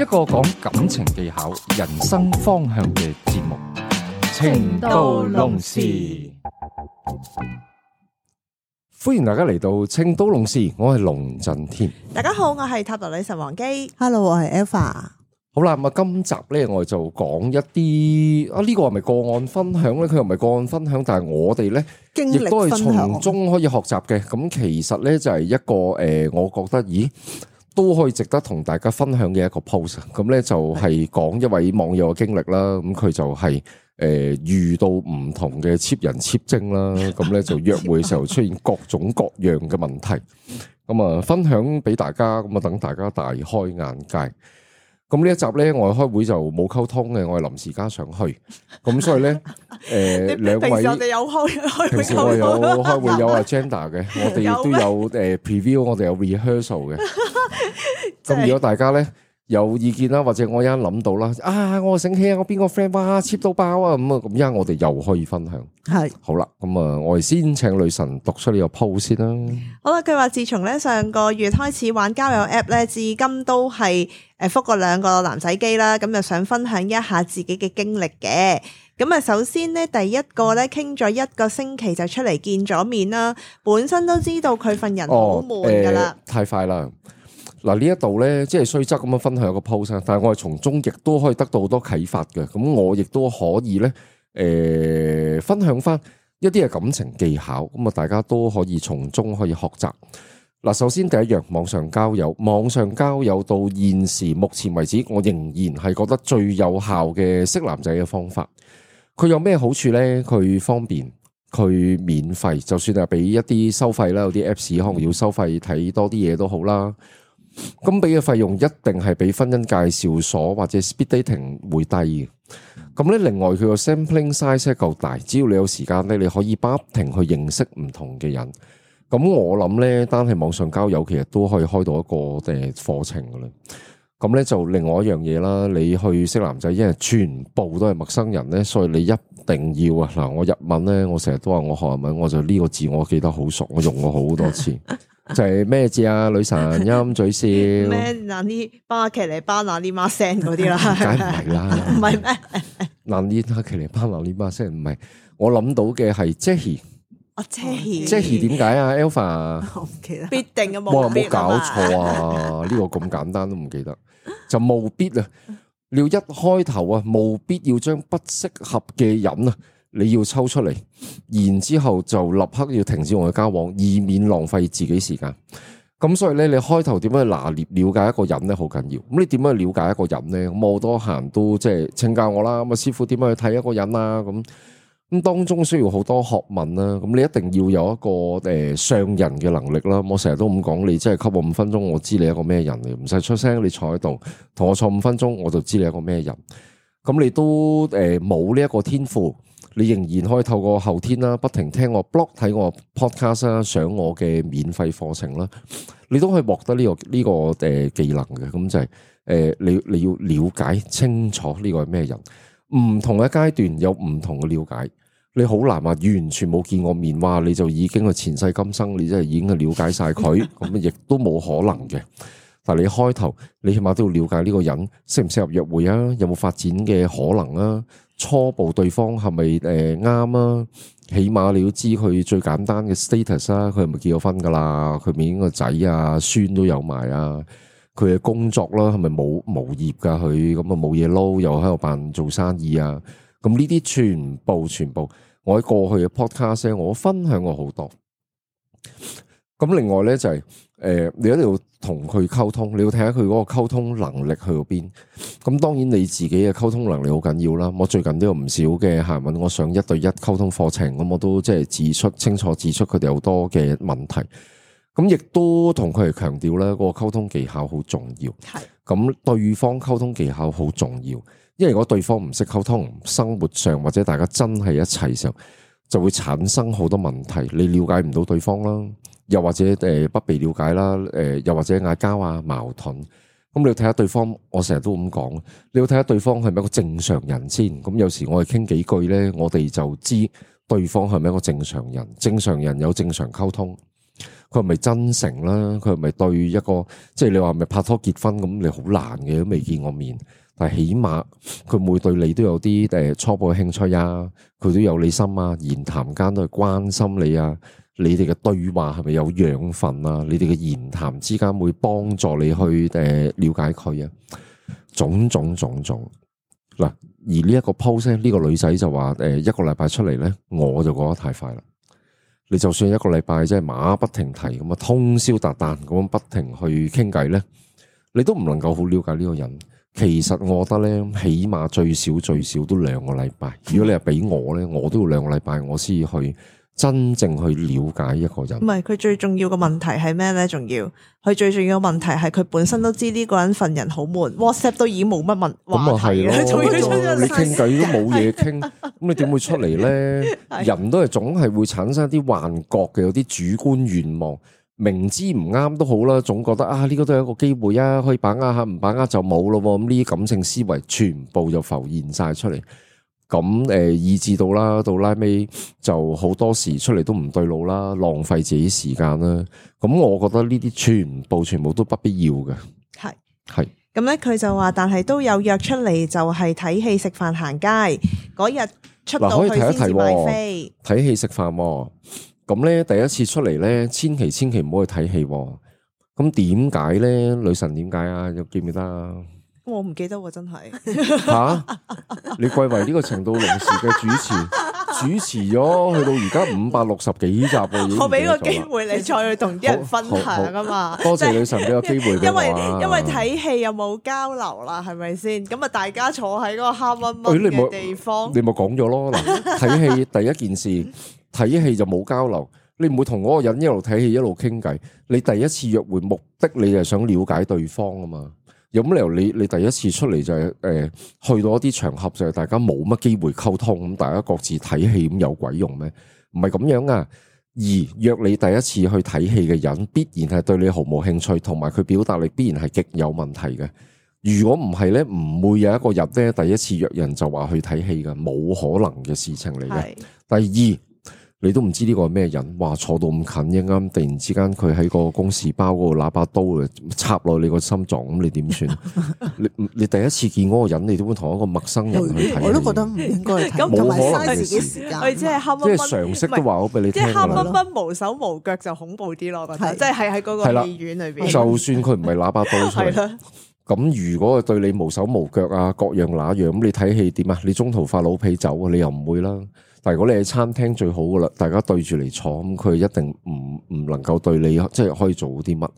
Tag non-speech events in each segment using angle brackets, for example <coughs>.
一個講感情技巧、人生方向嘅節目《情到龍匙》，歡迎大家嚟到《情到龍匙》。我係龍震天。大家好，我係塔羅女神王姬。Hello，我係 Alpha。好啦，咁啊，今集咧，我哋就講一啲啊，呢、這個係咪個案分享咧？佢又唔係個案分享，但係我哋咧，亦都係從中可以學習嘅。咁其實咧，就係一個誒、呃，我覺得，咦？都可以值得同大家分享嘅一個 post，咁咧就係講一位網友嘅經歷啦，咁佢就係、是、誒、呃、遇到唔同嘅 cheap 人 cheap 精啦，咁咧就約會時候出現各種各樣嘅問題，咁啊分享俾大家，咁啊等大家大開眼界。咁呢一集咧，我哋開會就冇溝通嘅，我係臨時加上去，咁所以咧，誒、呃，兩平位平時我哋有開會 <laughs> 有 agenda 嘅，我哋亦都有誒 preview，我哋有 rehearsal 嘅，咁 <laughs> 如果大家咧。有意見啦，或者我而家諗到啦，啊，我醒起啊，我邊個 friend 哇，cheap 到爆啊，咁啊，咁而家我哋又可以分享。係是，好啦，咁啊，我哋先請女神讀出呢個 post 先啦。好啦，佢話自從咧上個月開始玩交友 app 咧，至今都係誒覆過兩個男仔機啦，咁就想分享一下自己嘅經歷嘅。咁啊，首先咧，第一個咧傾咗一個星期就出嚟見咗面啦，本身都知道佢份人好悶噶啦、哦呃，太快啦。嗱呢一度咧，即係衰則咁樣分享一個 p o s e 但係我係從中亦都可以得到好多啟發嘅。咁我亦都可以咧，誒、呃，分享翻一啲嘅感情技巧，咁啊，大家都可以從中可以學習。嗱，首先第一樣網上交友，網上交友到現時目前為止，我仍然係覺得最有效嘅識男仔嘅方法。佢有咩好處咧？佢方便，佢免費，就算係俾一啲收費啦，有啲 apps 可能要收費睇多啲嘢都好啦。咁俾嘅費用一定係比婚姻介紹所或者 speed dating 會低嘅。咁咧，另外佢個 sampling size 夠大，只要你有時間咧，你可以不停去認識唔同嘅人。咁我諗咧，單係網上交友其實都可以開到一個誒課程噶啦。咁咧就另外一樣嘢啦，你去識男仔，因為全部都係陌生人咧，所以你一定要啊，嗱，我日文咧，我成日都話我學日文，我就呢個字我記得好熟，我用過好多次。 <laughs> 就係咩字啊女神陰嘴笑咩 <laughs> 那啲巴奇尼巴拿啲媽聲嗰啲啦，梗唔係啦，唔係咩？那啲巴奇尼巴拿啲媽聲唔係，我諗到嘅係杰喜，啊杰喜，Jackie 點解啊？Alpha，我唔記得，必定嘅冇必，冇搞錯啊！呢 <laughs> 個咁簡單都唔記得，就冇必啊！要一開頭啊，冇必要將不適合嘅飲。你要抽出嚟，然之後就立刻要停止我嘅交往，以免浪費自己時間。咁所以咧，你開頭點樣去拿捏了解一個人咧，好緊要。咁你點樣去了解一個人咧？咁我好多行都即係請教我啦。咁啊，師傅點樣去睇一個人啊？咁咁當中需要好多學問啦。咁你一定要有一個誒、呃、上人嘅能力啦。我成日都咁講，你即係給我五分鐘，我知你係一個咩人嚟，唔使出聲，你坐喺度同我坐五分鐘，我就知你係一個咩人。咁你都誒冇呢一個天賦。你仍然可以透過後天啦，不停聽我 blog 睇我 podcast 啦，上我嘅免費課程啦，你都可以獲得呢、這個呢、這個誒技能嘅。咁就係、是、誒、呃，你你要了解清楚呢個係咩人，唔同嘅階段有唔同嘅了解。你好難話完全冇見過面話你就已經係前世今生，你真係已經係了解晒佢，咁亦都冇可能嘅。 <laughs> 嗱，你開頭你起碼都要了解呢個人適唔適合約會啊，有冇發展嘅可能啊，初步對方係咪誒啱啊？起碼你要知佢最簡單嘅 status 啊，佢係咪結咗婚噶啦？佢面個仔啊、孫都有埋啊？佢嘅工作啦、啊，係咪冇無業噶？佢咁啊冇嘢撈，又喺度扮做生意啊？咁呢啲全部全部，全部我喺過去嘅 podcast 我分享過好多。咁另外咧就係、是。誒，你一定要同佢溝通，你要睇下佢嗰個溝通能力去到邊。咁當然你自己嘅溝通能力好緊要啦。我最近都有唔少嘅客問我上一對一溝通課程，咁我都即係指出清楚指出佢哋好多嘅問題。咁亦都同佢哋強調啦，呢個溝通技巧好重要。係咁，對方溝通技巧好重要，因為如果對方唔識溝通，生活上或者大家真係一齊嘅時候，就會產生好多問題。你了解唔到對方啦。又或者誒不被了解啦，誒又或者嗌交啊、矛盾，咁你要睇下對方。我成日都咁講，你要睇下對方係咪一個正常人先。咁有時我哋傾幾句咧，我哋就知對方係咪一個正常人。正常人有正常溝通，佢係咪真誠啦？佢係咪對一個即係你話係咪拍拖結婚咁？你好難嘅都未見過面，但係起碼佢每對你都有啲誒初步嘅興趣啊，佢都有你心啊，言談間都係關心你啊。你哋嘅對話係咪有養分啊？你哋嘅言談之間會幫助你去誒了解佢啊，種種種種嗱。而呢一個 post 呢個女仔就話誒一個禮拜出嚟呢，我就覺得太快啦。你就算一個禮拜即係馬不停蹄咁啊，通宵達旦咁樣不停去傾偈呢，你都唔能夠好了解呢個人。其實我覺得呢，起碼最少最少都兩個禮拜。如果你係俾我呢，我都要兩個禮拜，我先去。真正去了解一個人，唔係佢最重要嘅問題係咩咧？仲要佢最重要嘅問題係佢本身都知呢個人份人好悶、嗯、WhatsApp 都已經冇乜問。咁啊係咯，你傾偈都冇嘢傾，咁你點會出嚟咧？是的 人都係總係會產生一啲幻覺嘅，有啲主觀願望，明知唔啱都好啦，總覺得啊呢、呢個都係一個機會啊，可以把握下，唔把握就冇咯。咁呢啲感性思維全部就浮現晒出嚟。咁誒，意志到啦，到拉尾就好多時出嚟都唔對路啦，浪費自己時間啦。咁我覺得呢啲全部全部都不必要嘅。係係是。咁咧是，佢就話，但係都有約出嚟，就係睇戲、食飯、行街。嗰日出到去先飛，睇、哦、戲食飯喎、哦。咁咧，第一次出嚟咧，千祈千祈唔好去睇戲、哦。咁點解咧？女神點解啊？又記唔得啊？我唔記得，真係吓！你貴為呢個程度臨時嘅主持， <laughs> 主持咗去到而家五百六十幾集，我俾個機會你再去同啲人分享啊嘛！多謝女神俾個機會我 <laughs> 因，因為因為睇戲又冇交流啦，係咪先？咁啊，大家坐喺嗰個黑嗡嗡嘅地方，哎、你咪講咗咯嗱！睇戲第一件事，睇戲 <laughs> 就冇交流，你唔會同嗰個人一路睇戲一路傾偈。你第一次約會目的，你就係想了解對方啊嘛？有乜理由？你你第一次出嚟就係、是、誒、呃、去到一啲場合就係大家冇乜機會溝通，咁大家各自睇戲咁有鬼用咩？唔係咁樣啊！而約你第一次去睇戲嘅人，必然係對你毫無興趣，同埋佢表達力必然係極有問題嘅。如果唔係咧，唔會有一個人咧第一次約人就話去睇戲嘅，冇可能嘅事情嚟嘅。是的 第二。你都唔知呢個係咩人，哇，坐到咁近，一啱突然之間佢喺個公事包嗰個喇叭刀啊，插落你個心臟，咁你點算？你你第一次見嗰個人，你點會同一個陌生人去睇戲？ <laughs> 我都覺得唔應該咁，冇可能嘅事。我哋即係常識都話我俾你即聽啦。即係冇手冇腳就恐怖啲咯，我覺得即係喺嗰個戲院裏邊。就算佢唔係喇叭刀出嚟，咁 <laughs> 對了 如果對你冇手冇腳啊，各樣那樣，咁你睇戲點啊？你中途發老脾走啊？你又唔會啦。但係如果你喺餐廳最好噶啦，大家對住嚟坐，咁佢一定唔唔能夠對你，即係可以做啲乜，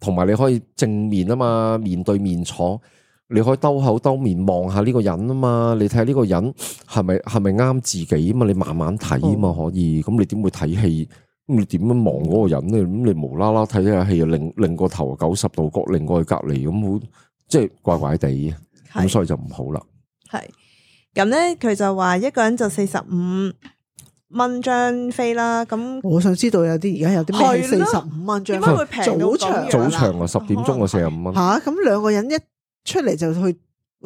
同埋你可以正面啊嘛，面對面坐，你可以兜口兜面望下呢個人啊嘛，你睇下呢個人係咪係咪啱自己啊嘛，你慢慢睇啊嘛可以，咁你點會睇戲？咁你點樣望嗰個人咧？咁你無啦啦睇咗下戲，又擰擰個頭九十度角，擰過去隔籬咁，好即係怪怪地，咁所以就唔好啦。係。咁咧，佢就話一個人就四十五蚊張飛啦。咁我想知道有啲而家有啲咩四十五蚊張飛，點解的會平到咁？早場啊，十點鐘啊，四十五蚊。吓，咁兩個人一出嚟就去。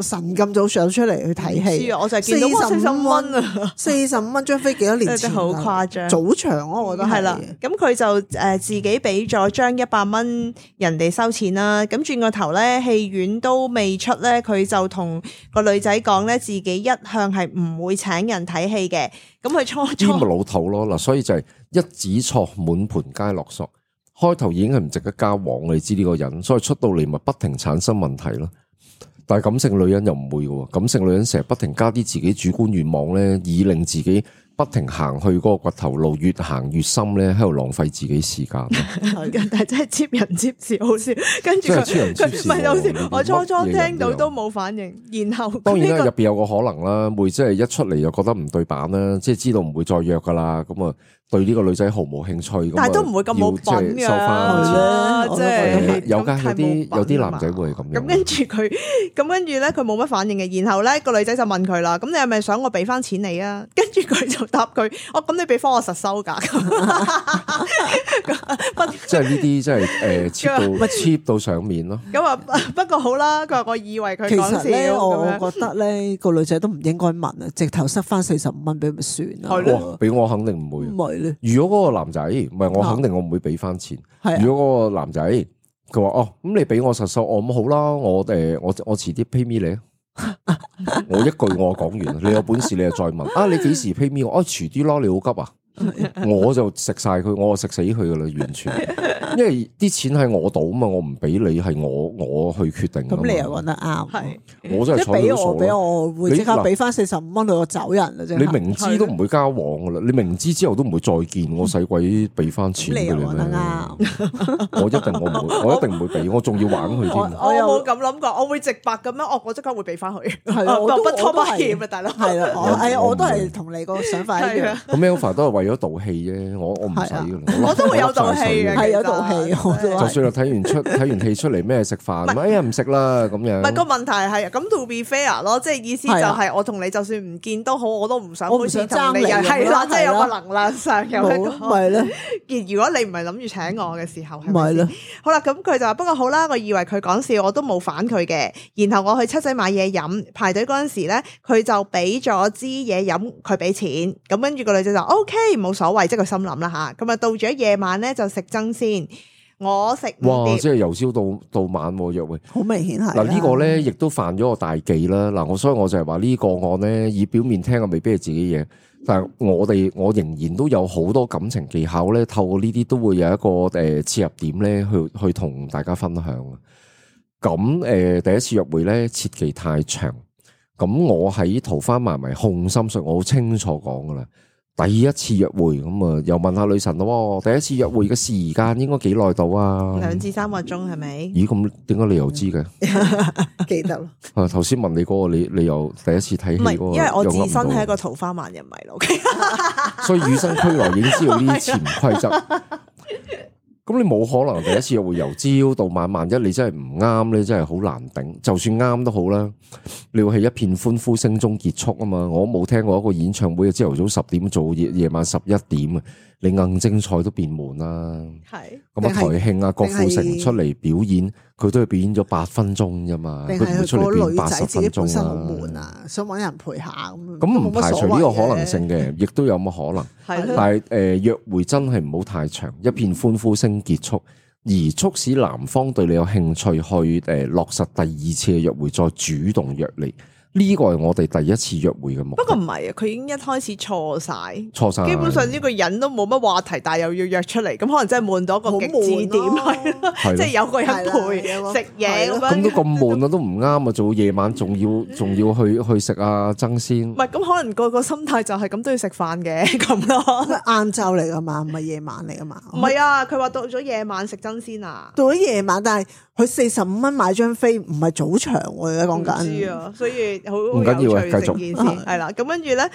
神咁早上出嚟去睇戲，我就見到四十蚊啊！四十五蚊張飛幾多年真係好誇張，早場咯，我覺得係啦。咁佢就誒自己俾咗張一百蚊人哋收錢啦。咁轉個頭咧，戲院都未出咧，佢就同個女仔講咧，自己一向係唔會請人睇戲嘅。咁佢初初咪老土咯嗱，所以就係一子錯滿盤皆落索。開頭已經係唔值得交往，你知呢個人，所以出到嚟咪不停產生問題咯。但係感性女人又唔會嘅，感性女人成日不停加啲自己主觀願望咧，以令自己不停行去嗰個掘頭路，越行越深咧，喺度浪費自己時間。 <laughs> 但係真係接人接事好笑，跟住唔係好笑。我初初聽到都冇反應，然後當然啦，入邊有個可能啦，會即係一出嚟又覺得唔對版啦,即係知道唔會再約噶啦，咁啊。對呢個女仔毫無興趣，但係都唔會咁冇品嘅，有間有啲有啲男仔會咁樣。咁跟住佢，咁跟住咧佢冇乜反應嘅。然後咧個女仔就問佢啦：，咁你係咪想我俾翻錢你啊？跟住佢就答佢：，我咁你俾翻我實收噶。即係呢啲即係誒 cheap，cheap 到上面咯。咁啊，不過好啦，佢話我以為佢講笑。其實咧，我覺得咧個女仔都唔應該問啊，直頭塞翻四十五蚊俾佢咪算咯。俾我肯定唔會。如果嗰個男仔唔係，我肯定我唔會俾翻錢。哦、如果嗰個男仔佢話哦，咁你俾我實數，我、哦、咁好啦，我誒，我我遲啲 pay me 你啊， <laughs> 我一句我講完，你有本事你就再問啊，你幾時 pay me？我、啊？遲啲咯，你好急啊！我就食晒佢，我就食死佢噶啦，完全，因為啲錢喺我度啊嘛，我唔俾你，係我我去決定。咁你又搵得啱，係，我真係錯咗。一俾我俾我會即刻俾翻四十五蚊，我走人啦，你明知都唔會交往噶啦，你明知之後都唔會再見，我使鬼俾翻錢嘅你？我得啱，我一定我唔會，我一定唔會俾，我仲要玩佢添。我冇咁諗過，我會直白咁樣，我我即刻會俾翻佢，係，不拖不欠啊，大佬。係我都係同你個想法一樣。咁都係有道氣啫，我我唔使嘅，我都會有道氣嘅，係有道氣。就算係睇完出睇完戲出嚟咩食飯，唔係啊唔食啦咁樣。唔係個問題係咁，to be fair 咯，即係意思就係我同你就算唔見都好，我都唔想好似同你一樣係啦，即係有個能量上，又唔係咧。如果你唔係諗住請我嘅時候，唔係咧。好啦，咁佢就話不過好啦，我以為佢講笑，我都冇反佢嘅。然後我去七仔買嘢飲，排隊嗰陣時咧，佢就俾咗支嘢飲，佢俾錢，咁跟住個女仔就 OK。冇所謂，即係佢心諗啦吓。咁啊，到咗夜晚咧，就食憎先。我食哇，即係由朝到到晚約會，好明顯係嗱。個呢個咧亦都犯咗個大忌啦。嗱，我所以我就係話呢個案咧，以表面聽啊，未必係自己嘢。但係我哋我仍然都有好多感情技巧咧，透過呢啲都會有一個誒、呃、切入點咧，去去同大家分享。咁誒、呃，第一次約會咧，切忌太長。咁我喺桃花迷迷控心術，我好清楚講噶啦。第一次約會咁啊，又問下女神咯、哦。第一次約會嘅時間應該幾耐到啊？兩至三個鐘係咪？咦，咁點解你又知嘅？ <laughs> 記得咯。啊，頭先問你嗰，嗰個，你你又第一次睇戲嗰個。唔係，因為我自身係一個桃花萬人迷咯。 <laughs> 所以與生俱來已經知道呢啲潛規則。 <laughs> 咁你冇可能第一次又會由朝到晚，萬一你真係唔啱咧，真係好難頂。就算啱都好啦，你會喺一片歡呼聲中結束啊嘛！我冇聽過一個演唱會啊，朝頭早十點做，夜晚十一點啊。你硬精彩都變悶啦，咁啊的台慶啊郭富城出嚟表演，佢都係表演咗八分鐘啫嘛，佢唔會出嚟變八十分鐘啦，好悶啊。想揾人陪下咁，咁唔排除呢個可能性嘅，亦都的有個可能。的但係誒約會真係唔好太長，的一片歡呼聲結束，而促使男方對你有興趣去誒落實第二次嘅約會，再主動約你。呢個係我哋第一次約會嘅目。不過唔係啊，佢已經一開始錯晒，錯曬。基本上呢個人都冇乜話題，但係又要約出嚟，咁可能真係悶到個極致點係咯，即係有個人陪食嘢咁樣。咁都咁悶啊，都唔啱啊！做夜晚仲要仲要去去食啊，爭鮮。唔係，咁可能個個心態就係咁都要食飯嘅咁咯。晏晝嚟㗎嘛，唔係夜晚嚟㗎嘛。唔係啊，佢話到咗夜晚食爭鮮啊。到咗夜晚，但係佢四十五蚊買張飛唔係早場我而家講緊。唔知啊，所以。好，唔緊要，繼續，成件事係啦，咁跟住咧，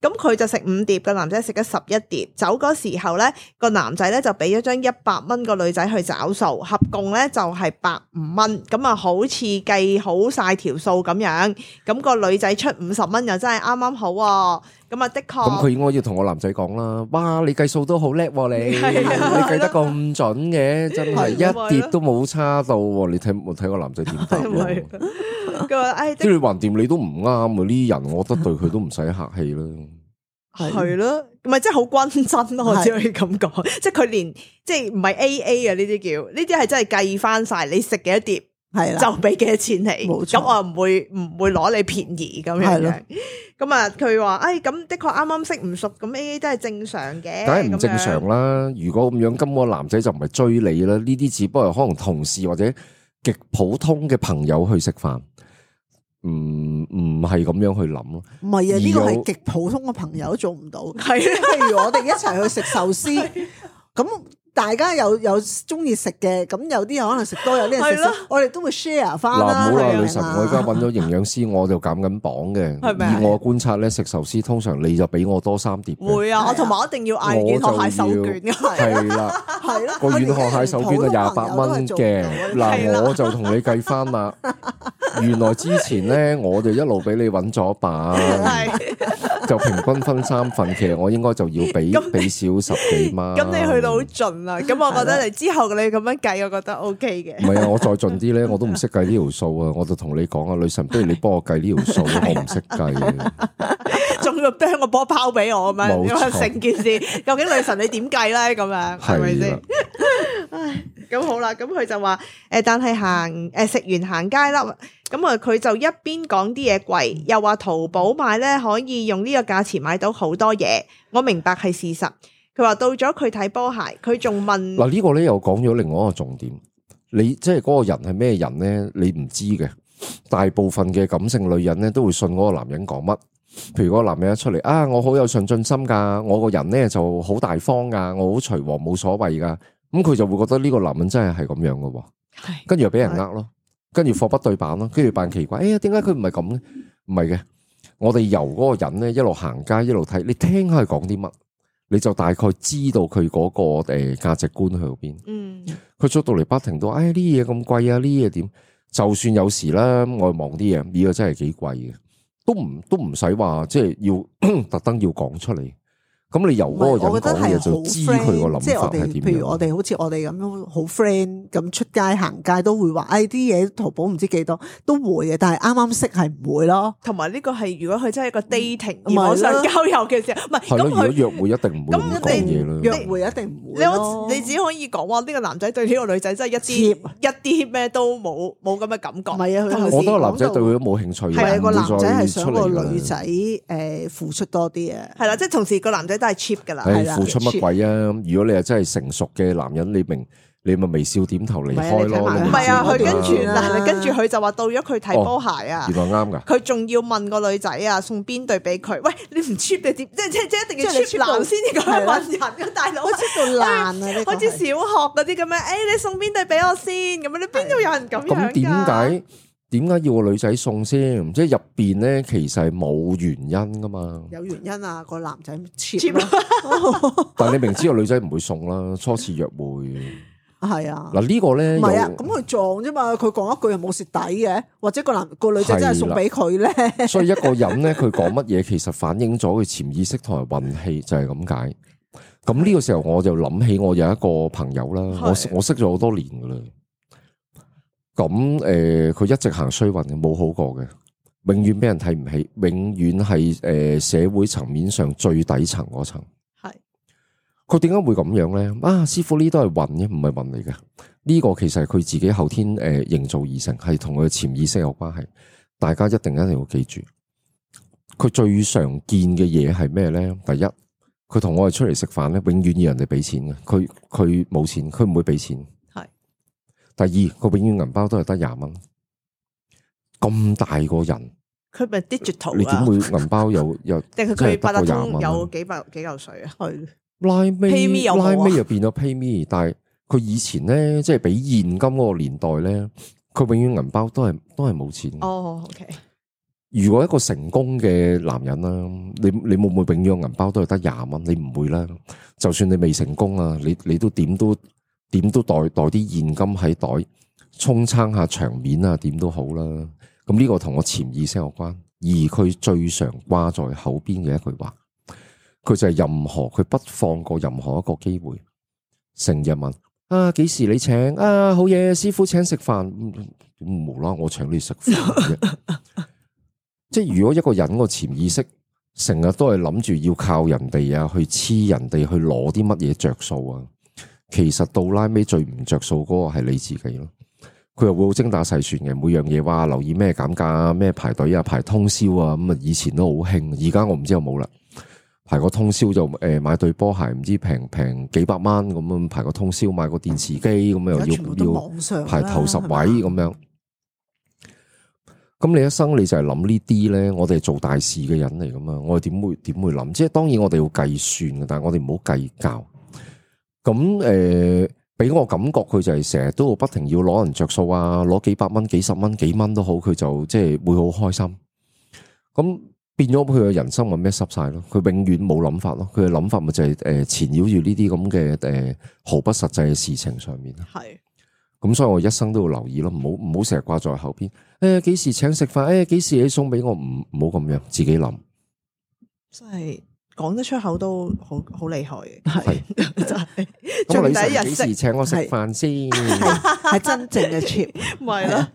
咁佢就食五碟，個男仔食咗十一碟，走嗰時候咧，個男仔咧就俾咗張一百蚊個女仔去找數，合共咧就係百五蚊，咁啊好似計好晒條數咁樣，咁、那個女仔出五十蚊又真係啱啱好啊。咁啊，的確。咁佢應該要同我男仔講啦。哇，你計數都好叻喎，你你計得咁準嘅，真係一碟都冇差到喎。你睇我睇個男仔點答啦。即係你橫掂，你都唔啱啊！呢啲人，我覺得對佢都唔使客氣啦。係咯，唔係即係好均真咯，我只可以咁講。即係佢連即係唔係 AA 啊？呢啲叫呢啲係真係計翻曬你食幾多碟。係是啦，就俾幾多錢你沒錯，咁我唔會唔會攞你便宜咁樣，咁啊佢話，哎，咁的確啱啱識唔熟，咁 A A 都係正常嘅，梗係唔正常啦。如果咁樣，咁個男仔就唔係追你啦。呢啲只不過係可能同事或者極普通嘅朋友去食飯，唔唔係咁樣去諗咯。唔係啊，呢、這個係極普通嘅朋友做唔到。係啊，譬如我哋一齊去食壽司咁。是的 大家有有中意食嘅，咁有啲可能食多，有啲人食少，我哋都會 share 翻啦。嗱，唔好話女神，我而家揾咗營養師，我就減緊磅嘅。以我觀察咧，食壽司通常你就俾我多三碟。會啊，我同埋一定要嗌軟殼蟹手卷嘅。係啦，係啦，個軟殼蟹手卷啊，廿八蚊嘅。嗱，我就同你計翻啦。原來之前咧，我就一路俾你揾咗把。就平均分三份，其實我應該就要俾俾少十幾蚊。咁你去到好盡啦，咁我覺得你之後你咁樣計，我覺得 OK 嘅。唔係啊，我再盡啲咧，我都唔識計呢條數啊，我就同你講啊，女神，不如你幫我計呢條數，我唔識計。仲要掟個波拋俾我咁樣，咁成件事，究竟女神你點計咧？咁樣係咪先？唉，咁好啦，咁佢就話誒，但係行誒食完行街啦。咁啊，佢就一邊講啲嘢貴，又話淘寶買咧可以用呢個價錢買到好多嘢。我明白係事實。佢話到咗佢睇波鞋，佢仲問嗱呢個咧又講咗另外一個重點。你即係嗰個人係咩人咧？你唔知嘅。大部分嘅感性女人咧都會信嗰個男人講乜。譬如嗰個男人一出嚟啊，我好有上進心噶，我個人咧就好大方噶，我好隨和冇所謂噶。咁，嗯，佢就會覺得呢個男人真係係咁樣噶。係是，跟住又俾人呃咯。跟住貨不對版咯，跟住扮奇怪，哎呀，點解佢唔係咁咧？唔係嘅，我哋由嗰個人咧，一路行街一路睇，你聽下佢講啲乜，你就大概知道佢嗰個誒價值觀喺邊。嗯，佢出到嚟，不停到，哎呀，呢嘢咁貴啊，呢嘢點？就算有時咧外望啲嘢，呢個真係幾貴嘅，都唔都唔使話即係要 <coughs> 特登要講出嚟。咁你由嗰個人講嘢就知佢個諗法，即係我哋，譬如我哋好似我哋咁樣好 friend，咁出街行街都會話，哎，啲嘢淘寶唔知幾多，都會嘅。但係啱啱識係唔會咯。同埋呢個係如果佢真係一個 dating 而網上交友嘅時候，唔係咁佢約會一定唔會咁，一定約會一定唔會。你，可你只可以講話呢個男仔對呢個女仔真係一啲一啲咩都冇，冇咁嘅感覺。唔係啊，佢同時講到男仔對佢都冇興趣，係啊，個男仔係想個女仔誒付出多啲啊。係啦，即係同時個男仔。都係 cheap 噶啦，係啦。付出乜鬼啊？如果你係真係成熟嘅男人，你明，你咪微笑點頭離開咯。唔係啊，佢、啊、跟住啦，啊、跟住佢就話到咗佢睇波鞋啊。哦、原來啱噶。佢仲要問個女仔啊，送邊對俾佢？喂，你唔 cheap 你點？即係即係即係一定要 cheap 男，你 cheap 男先至個係問人嘅了大佬，好似做爛啊， <laughs> 好似小學嗰啲咁樣。誒、 <laughs> 哎，你送邊對俾我先？咁樣你邊度有人咁樣點解？對 點解要個女仔送先？即係入邊咧，其實係冇原因噶嘛。有原因啊，個男仔黐。但係你明知個女仔唔會送啦，初次約會。係啊，嗱呢個咧，唔係啊，咁佢撞啫嘛。佢講一句又冇蝕底嘅，或者個男個女仔真係送俾佢咧。所以一個人咧，佢講乜嘢，其實反映咗佢潛意識同埋運氣，就係咁解。咁呢個時候，我就諗起我有一個朋友啦，我我識咗好多年噶啦。咁誒，佢、呃、一直行衰運冇好過嘅，永遠俾人睇唔起，永遠係誒社會層面上最底層嗰層。係佢點解會咁樣咧？啊，師傅呢都係運嘅，唔係運嚟嘅。呢、這個其實係佢自己後天誒營、呃、造而成，係同佢潛意識有關係。大家一定一定要記住，佢最常見嘅嘢係咩咧？第一，佢同我哋出嚟食飯咧，永遠要人哋俾錢嘅。佢佢冇錢，佢唔會俾錢。第二，佢永遠銀包都係得廿蚊，咁大個人，佢咪 digital 啊？你點會銀包有有即係得廿蚊？有幾百幾嚿水啊？PayMe 又變咗 PayMe，但係佢以前咧，即係俾現金嗰個年代咧，佢永遠銀包都係都係冇錢。哦，OK。如果一個成功嘅男人啦，你你會唔會永遠銀包都係得廿蚊？你唔會啦。就算你未成功啊，你你都點都。點都帶帶啲現金喺袋，充撐下場面啊！點都好啦。咁呢個同我潛意識有關。而佢最常掛在口邊嘅一句話，佢就係任何佢不放過任何一個機會，成日問啊，幾時你請啊？好嘢，師傅請食飯，唔好啦，我請你食飯。即係如果一個人個潛意識成日都係諗住要靠人哋啊，去黐人哋去攞啲乜嘢着數啊？其實到拉尾最唔着數嗰個係你自己咯，佢又會精打細算嘅，每樣嘢話留意咩減價啊，咩排隊啊，排通宵啊，咁啊以前都好興，而家我唔知有冇啦。排個通宵就誒買對波鞋，唔知平平幾百蚊咁樣，排個通宵買個電視機，咁又要要排頭十位咁樣。咁你一生你就係諗呢啲咧，我哋做大事嘅人嚟噶嘛，我哋點會點會諗？即係當然我哋要計算嘅，但係我哋唔好計較。咁誒，俾、呃、我感覺佢就係成日都不停要攞人着數啊，攞幾百蚊，幾十蚊，幾蚊都好，佢就即係會好開心。咁變咗佢嘅人生咪咩濕晒咯？佢永遠冇諗法咯。佢嘅諗法咪就係誒纏繞住呢啲咁嘅誒毫不實際嘅事情上面。係是。咁所以我一生都要留意咯，唔好唔好成日掛在後邊。誒、欸，幾時請食飯？誒，幾時你送俾我？唔好咁樣自己諗。即係。講得出口都好好厲害嘅，係真係。第一日，幾時請我食飯先？係 <laughs> 真正嘅 cheap，係咯，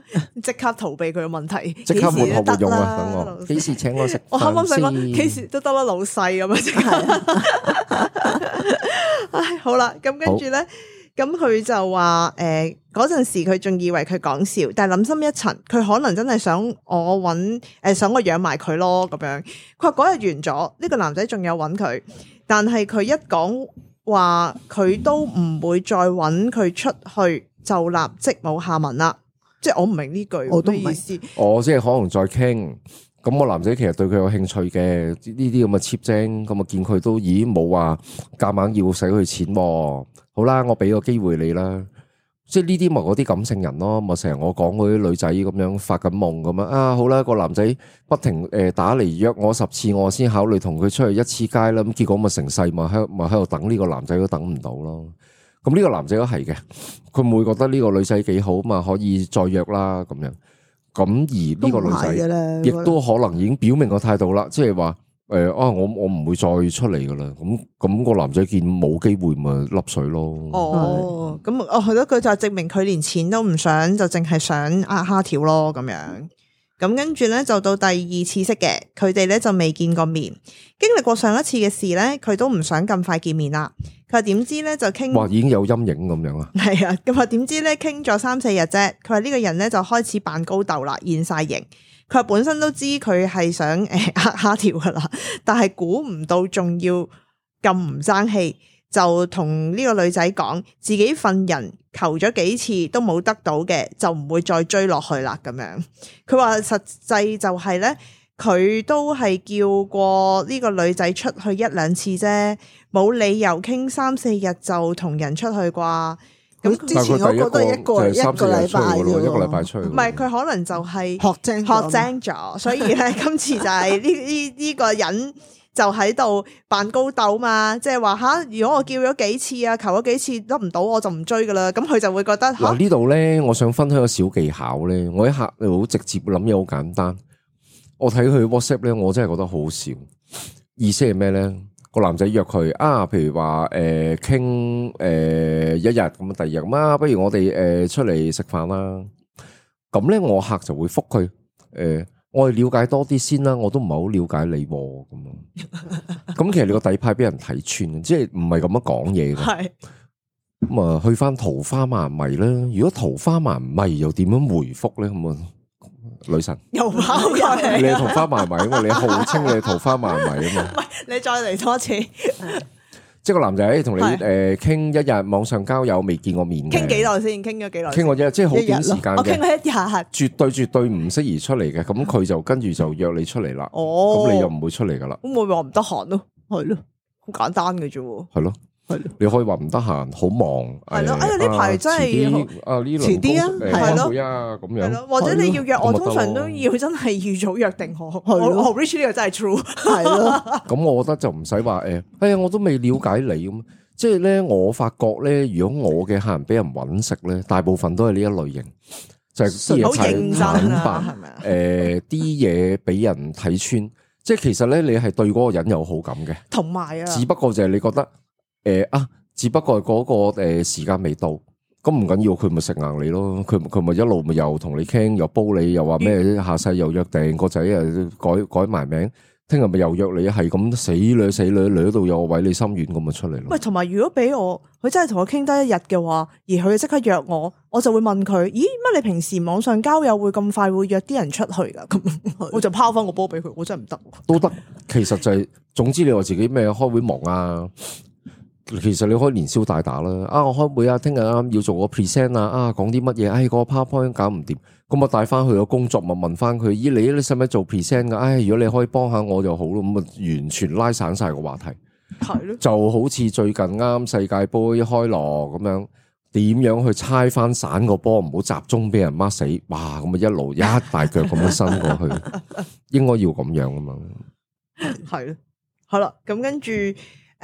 即 <laughs> 刻逃避佢嘅問題。即刻冇用啊！等我闆，幾時請我食？我啱啱想講，幾 <laughs> 時都得啦，老細咁樣先。 <laughs> <laughs> <laughs> 唉，好啦，咁跟住咧。咁佢就話誒，嗰、呃、陣時佢仲以為佢講笑，但係諗深一層，佢可能真係想我揾誒、呃，想我養埋佢咯咁樣。佢話嗰日完咗，呢、這個男仔仲有揾佢，但係佢一講話佢都唔會再揾佢出去，就立即冇下文啦。即係我唔明呢句咩意思。我即係可能再傾。咁個男仔其實對佢有興趣嘅呢啲咁嘅 cheap 精，咁啊見佢都已經冇話夾硬要使佢錢。好啦，我俾個機會你啦，即係呢啲咪嗰啲感性人咯，咪成日我講嗰啲女仔咁樣發緊夢咁樣啊，好啦，個男仔不停誒打嚟約我十次，我先考慮同佢出去一次街啦，咁結果咪成世咪喺咪喺度等呢個男仔都等唔到咯，咁呢個男仔都係嘅，佢唔會覺得呢個女仔幾好啊嘛，可以再約啦咁樣，咁而呢個女仔亦都可能已經表明個態度啦，即係話。誒啊、呃！我我唔會再出嚟噶啦。咁咁、那個男仔見冇機會，咪甩水咯。哦，咁哦，佢嗰句就證明佢連錢都唔想，就淨係想壓蝦條咯。咁樣咁跟住咧，就到第二次識嘅，佢哋咧就未見過面。經歷過上一次嘅事咧，佢都唔想咁快見面啦。佢話點知咧就傾，哇，已經有陰影咁樣啊。係啊，咁啊點知咧傾咗三四日啫。佢話呢個人咧就開始扮高竇啦，現晒形。佢本身都知佢係想呃蝦條㗎喇， <laughs> 但係估唔到仲要咁唔爭氣，就同呢個女仔講自己份人求咗幾次都冇得到嘅，就唔會再追落去啦咁樣。佢話實際就係、是、咧，佢都係叫過呢個女仔出去一兩次啫，冇理由傾三四日就同人出去啩。咁之前我覺得一個一個禮拜、就是、一個禮拜出去。唔係佢可能就係學精學精咗，所以咧 <laughs> 今次就係呢呢呢個人就喺度扮高竇嘛，即係話吓，如果我叫咗幾次啊，求咗幾次得唔到，我就唔追㗎喇。咁佢就會覺得嗱呢度咧，我想分享個小技巧咧。我一下又好直接諗嘢，好簡單。我睇佢 WhatsApp 咧，我真係覺得好笑。意思係咩咧？個男仔約佢啊，譬如話誒，傾、呃、誒、呃、一日咁，第二日咁啊，不如我哋誒、呃、出嚟食飯啦。咁咧，我客就會復佢誒，我去了解多啲先啦，我都唔係好了解你咁咯。咁其實你個底牌俾人睇穿，即係唔係咁樣講嘢嘅。係咁啊，去返桃花漫迷啦。如果桃花漫迷又點樣回覆咧咁啊？女神，一口音你桃花漫迷，因為 unconditional Champion 你號稱你桃花漫迷啊嘛。唔係 <laughs> 有義 yerde 你再嚟多次。即係個男仔同你誒傾一日網上交友未見過面，傾幾耐先？傾咗幾耐？傾過一日，即係好短時間嘅。我傾過一日，係絕對絕對唔適宜出嚟嘅。咁佢就跟住就約你出嚟啦。哦，咁你又唔會出嚟噶啦。咁我話唔得閒咯，係咯，好簡單嘅啫。係咯。你可以話唔得閒，好忙係咯。哎呢排真係啊遲啲啊，係咯。或者你要約我，通常都要真係預早約定我。好 reach 呢個真係 true。係咯。咁我覺得就唔使話誒，哎呀，我都未了解你咁。即係咧，我發覺咧，如果我嘅客人俾人揾食咧，大部分都係呢一類型，就係私嘢太坦白。誒，啲嘢俾人睇穿。即係其實咧，你係對嗰個人有好感嘅，同埋啊，只不過就係你覺得。誒啊，只不過嗰個誒時間未到，咁唔緊要，佢咪食硬你咯。佢佢咪一路咪又同你傾，又煲你，又話咩下世又約定個仔啊，改改埋名，聽日咪又約你，係咁死女死女女度有個位，你心軟咁咪出嚟咯。喂，同埋如果俾我，佢真係同我傾得一日嘅話，而佢即刻約我，我就會問佢，咦乜你平時網上交友會咁快會約啲人出去噶？咁 <laughs> 我就拋翻個波俾佢，我真係唔得。都得，其實就係，總之你話自己咩開會忙啊。其實你可以連消帶打啦，啊，我開會啊，聽日啱要做個 present 啊，啊，講啲乜嘢，唉、哎，那個 powerpoint 搞唔掂，咁我帶翻去個工作，咪問翻佢，咦、啊，你咧使唔使做 present 噶？唉、哎，如果你可以幫下我就好咯，咁啊，完全拉散晒個話題，係咯，就好似最近啱世界杯一開鑼咁樣，點樣去猜翻散個波，唔好集中俾人 mark 死，哇，咁啊一路一大腳咁樣伸過去， <laughs> 應該要咁樣啊嘛，係咯，好啦，咁跟住。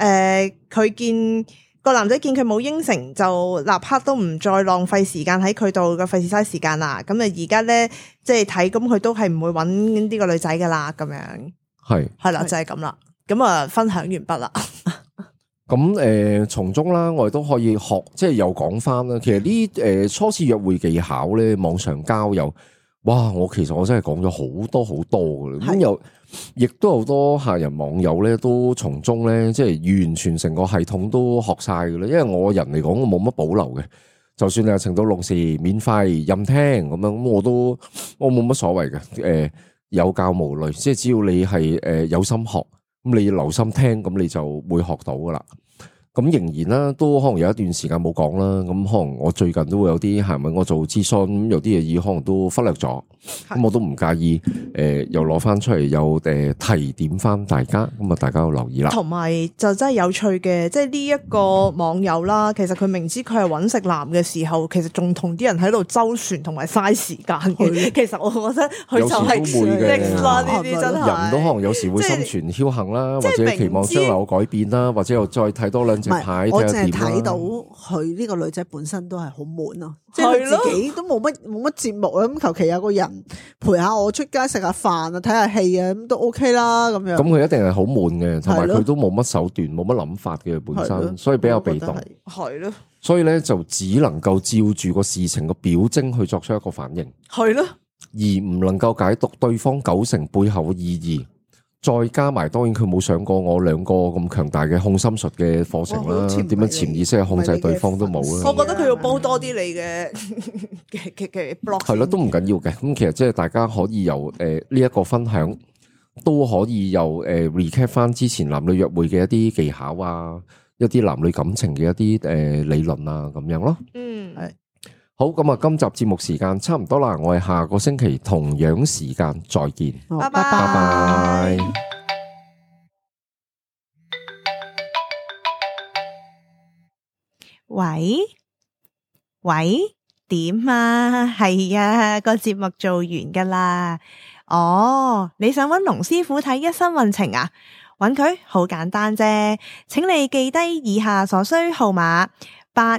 誒，佢、呃、見個男仔見佢冇應承，就立刻都唔再浪費時間喺佢度嘅，費事嘥時間啦。咁啊，而家咧即係睇，咁佢都係唔會揾呢個女仔噶啦，咁樣係係啦，就係咁啦。咁啊是，分享完畢啦、嗯。咁、呃、誒，從中啦，我哋都可以學，即係又講翻啦。其實呢誒，初次約會技巧咧，網上交友，哇！我其實我真係講咗好多好多噶咁又。亦都好多客人網友咧，都從中咧，即係完全成個系統都學晒噶啦。因為我個人嚟講，我冇乜保留嘅。就算你係請到六時免費任聽咁樣，我都我冇乜所謂嘅。誒，有教無類，即係只要你係誒有心學，咁你要留心聽，咁你就會學到噶啦。咁仍然啦，都可能有一段時間冇講啦。咁可能我最近都會有啲人問我做諮詢，咁有啲嘢已可能都忽略咗。咁是我都唔介意，誒、呃，又攞翻出嚟，又誒提點翻大家。咁啊，大家要留意啦。同埋就真係有趣嘅，即係呢一個網友啦。其實佢明知佢係揾食男嘅時候，其實仲同啲人喺度周旋，同埋嘥時間嘅的。其實我覺得佢就係、是、即係亂啲，真係人都可能有時會心存僥幸啦，是或者期望將來有改變啦，或者又再睇多兩。我淨係睇到佢呢個女仔本身都係好悶啊，即係佢自己都冇乜冇乜節目啊。咁求其有個人陪下我出街食下飯啊，睇下戲啊，咁都 OK 啦咁樣。咁佢一定係好悶嘅，同埋佢都冇乜手段，冇乜諗法嘅本身，的所以比較被動。係咯。所以咧就只能夠照住個事情個表徵去作出一個反應。係咯的。而唔能夠解讀對方九成背後嘅意義。再加埋，當然佢冇上過我兩個咁強大嘅控心術嘅課程啦。點樣潛意識去控制對方都冇啦。我覺得佢要煲多啲你嘅嘅嘅 block。係咯，都唔緊要嘅。咁其實即係大家可以由誒呢一個分享，都可以由誒、呃、recap 翻之前男女約會嘅一啲技巧啊，一啲男女感情嘅一啲誒、呃、理論啊，咁樣咯。嗯，係。好，咁啊，今集節目時間差唔多啦，我哋下個星期同樣時間再見。拜拜拜拜。喂喂，點啊？係呀，個節目做完噶啦。哦，你想揾龍師傅睇一生運程啊？揾佢好簡單啫，請你記低以下所需號碼八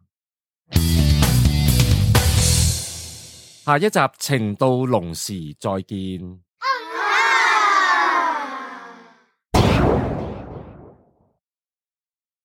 下一集情到龍匙，再見。